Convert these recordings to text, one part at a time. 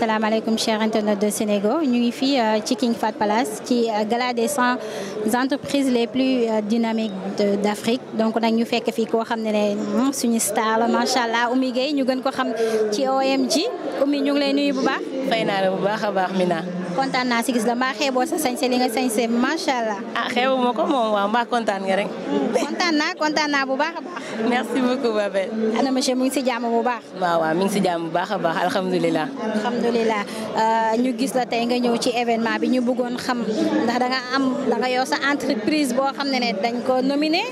asalaamaaleykum chers internautes de Sénégal ñu ngi fii euh, ci King Fahd Palace ci euh, gala des cent entreprises les plus euh, dynamiques d'Afrique donc nag ñu fekk fii koo xam ne ne hmm, suñu star la macha allah Oumy Gueye ñu gën ko xam ci OMG Oumy ñu ngi lay nuyu bu baax. fay naa la bu baax a baax mi Mina. kontaan naa si gis la mbaa xeeboo sa sañse li nga sañse macha allah. ah xeebu ma ko moom waaw kontaan nga rek. kontaan naa kontaan naa bu baax merci beaucoup Babel. ana ah mu ngi si jàmm bu baax. waaw waaw mi ngi si jàmm bu baax a baax alhamdulilah. alhamdulilah euh, ñu gis la tey nga ñëw ci événement bi ñu bëggoon xam ndax da am da nga yow sa entreprise boo xam ne ne dañ ko nominé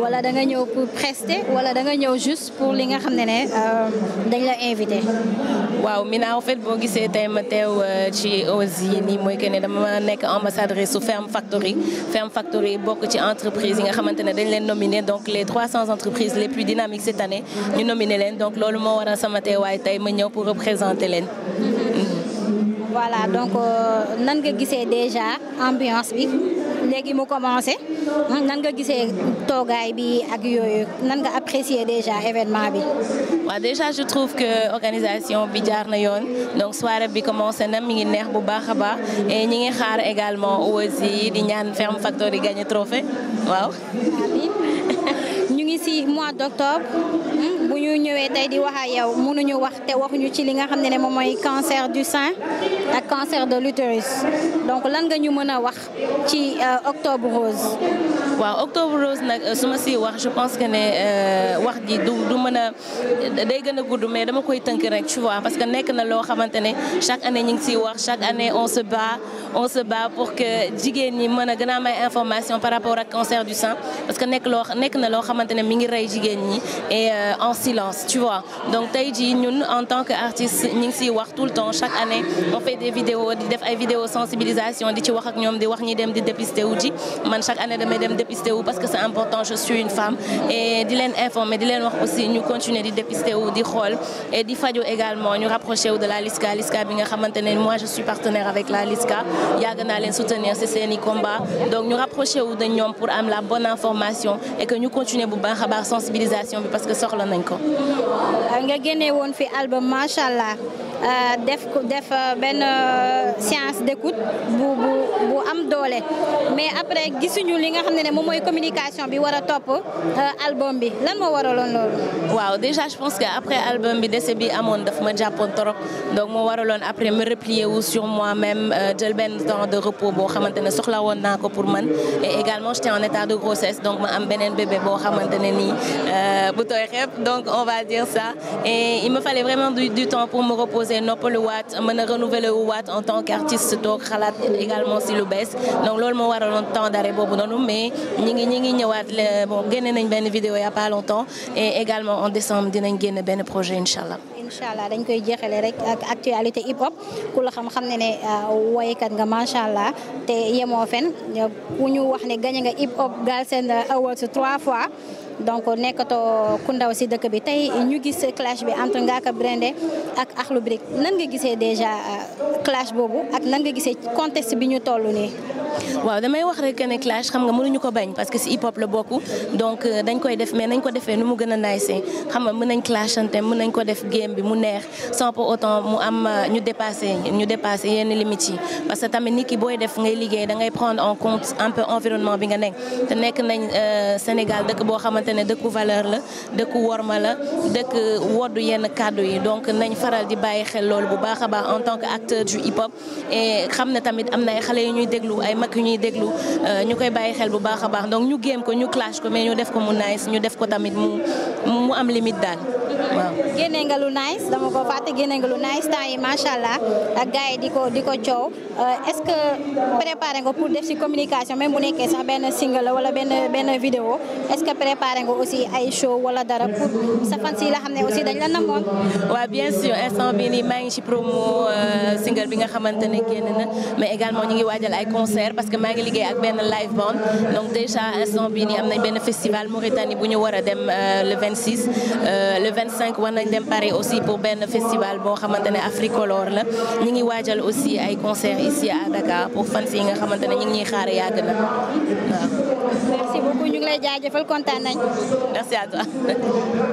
wala da nga ñëw pour prester da nga ñëw juste pour li nga xam ne ne euh, dañ la invité. waaw Mina en fait boo gisee tey ma teew euh, ci aussi nii mooy que ne dama nekk ambassadrice su Ferme Factory Ferme Factory bokk ci entreprise yi nga xamante ne dañ leen nominé donc les 300 entreprises. entreprises les plus dynamiques cette année ñu nominé leen donc loolu moo waral sama waay tey ma ñëw pour représenter leen voilà donc euh, nan nga gisee déjà ambiance bi léegi mu commencé nan nga gisee toogaay bi ak yooyu nan nga apprécier déjà événement bi waaw déjà je trouve que organisation bi jaar na yoon donc soirée bi commencé na mi ngi neex bu baax a baax et ñi ngi xaar également aussi di ñaan Ferme Factory gagner trophée waaw ñu ngi si mois d' hmm, bu ñu ñëwee tey di wax ak yow mënuñu wax te waxuñu ci li nga xam ne ne moom mooy cancer du sein ak cancer de l'utérus donc lan nga ñu mën a wax ci euh, octobre rose. waaw octobre rose nag euh, su ma si wax je pense que ne euh, wax ji du du mën a day gën a gudd mais dama koy tënk rek tu vois parce que nekk na loo xamante ne chaque année ñu ngi siy wax chaque année on se bat on pour que jigéen ñi mën a gën a am information par rapport ak cancer du sein parce que xamante ne mi ngi rey jigéen ñi et euh, en silence tu vois donc tey jii ñun en tant que artiste ñi ngi siy tout le temps chaque année on fait des di vidéo sensibilisation di ci wax ak ñoom di wax ñi dem di dépister wu ji man chaque année damay dem dépister wu parce que c'est important je suis une femme et di leen informer di leen wax si ñu continuer di dépister wu di xool et di faju également ñu rapproché wu de la LISCA LISCA bi nga xamante ne moi je suis partenaire avec la LISCA yàgg naa leen soutenir ci seeni combat donc ñu rapproché de ñoom pour am la bonne baax a baax sensibilisation bi parce que soxla nañ ko. nga génne woon fi album macha allah Euh, def def euh, benn euh, séance d'écoute bu bu bu am doole mais après gisuñu li nga xam ne ne moom mooy communication bi war a topp album bi lan moo waraloon loolu. waaw déjà je pense que après album bi décès bi amoon daf ma jàppoon trop donc moo waraloon après me replier wu sur moi-même jël benn temps de repos boo xamante ne soxla woon naa ko pour man et également j'étais en état de grossesse donc ma am benen bébé boo xamante ne nii bu donc on va dire ça et il me fallait reposer noppaluwaat mën a renouveler wu waat en tant qu'artiste toog xalaat également si lu bees donc loolu moo waraloon temps d'arrêt boobu noonu mais ñi ngi ñi ngi ñëwaat bon génne nañ benn vidéo y a pas longtemps et également en décembre dinañ génn benn projet incha allah. incha allah dañ koy jeexale rek ak actualité hip hop ku la xam xam ne ne euh, woykat nga macha allah te yemoo fen ku ñu wax ne gañ nga hip hop Galsen Awards trois fois. donc nekkatoo ku ndaw si dëkk bi tey ñu gis clash bi entre Ngaaka Blindé ak Akhlou Brick nan nga gisee déjà euh, clash boobu ak nan nga gisee contexte bi ñu toll nii. waaw damay wax rek ne clash xam nga mun mënuñu ko bañ parce que si hip hop la bokk donc euh, dañ koy def mais nañ ko defee nu mu gën a nice xam nga mën nañ clashante mën nañ ko def game bi mu neex sans pour mu am euh, ñu dépassé ñu dépassé yenn limites yi parce que tamit nit ki booy def ngay liggéey da ngay prendre en compte un peu bi nga nekk te nekk nañ Sénégal xamante ne dëkku valeur la dëkku worma la dëkk woddu yenn kàddu yi donc nañ faral di bàyyi xel loolu bu baax a baax en tant que acteur du hip hop et xam ne tamit am na ay xale yu ñuy déglu ay mag yu ñuy déglu euh, ñu koy bàyyi xel bu baax a baax donc ñu géem ko ñu clash ko mais ñu def ko mu nice ñu def ko tamit mu mu am limite daal waaw. génne nga lu nice dama ko fàtte génne nga lu nice temps yi macha allah ak gars yi di ko coow euh, est ce que préparé nga pour def si communication même bu nekkee sax benn single wala benn benn vidéo est ce que préparé nga aussi ay show wala dara pour sa fan si la xam ne aussi dañ la namoon. waaw bien sûr instant bii nii maa ngi ci promo euh, single bi nga xamante ne génn na mais également ñu ngi waajal ay concert parce que maa ngi liggéey ak benn live band donc 26 euh, le 25 war nañ dem Paris aussi pour benn festival boo xamante ne Africolor la ñu ngi waajal aussi ay concert ici à Dakar pour fans yi nga xamante ne ñu ngi ñuy xaar yàgg na waaw. merci beaucoup ñu ngi lay jaajëfal kontaan nañ. merci à toi.